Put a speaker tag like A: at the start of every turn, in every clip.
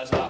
A: guys up.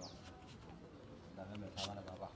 A: 那边台湾的爸爸。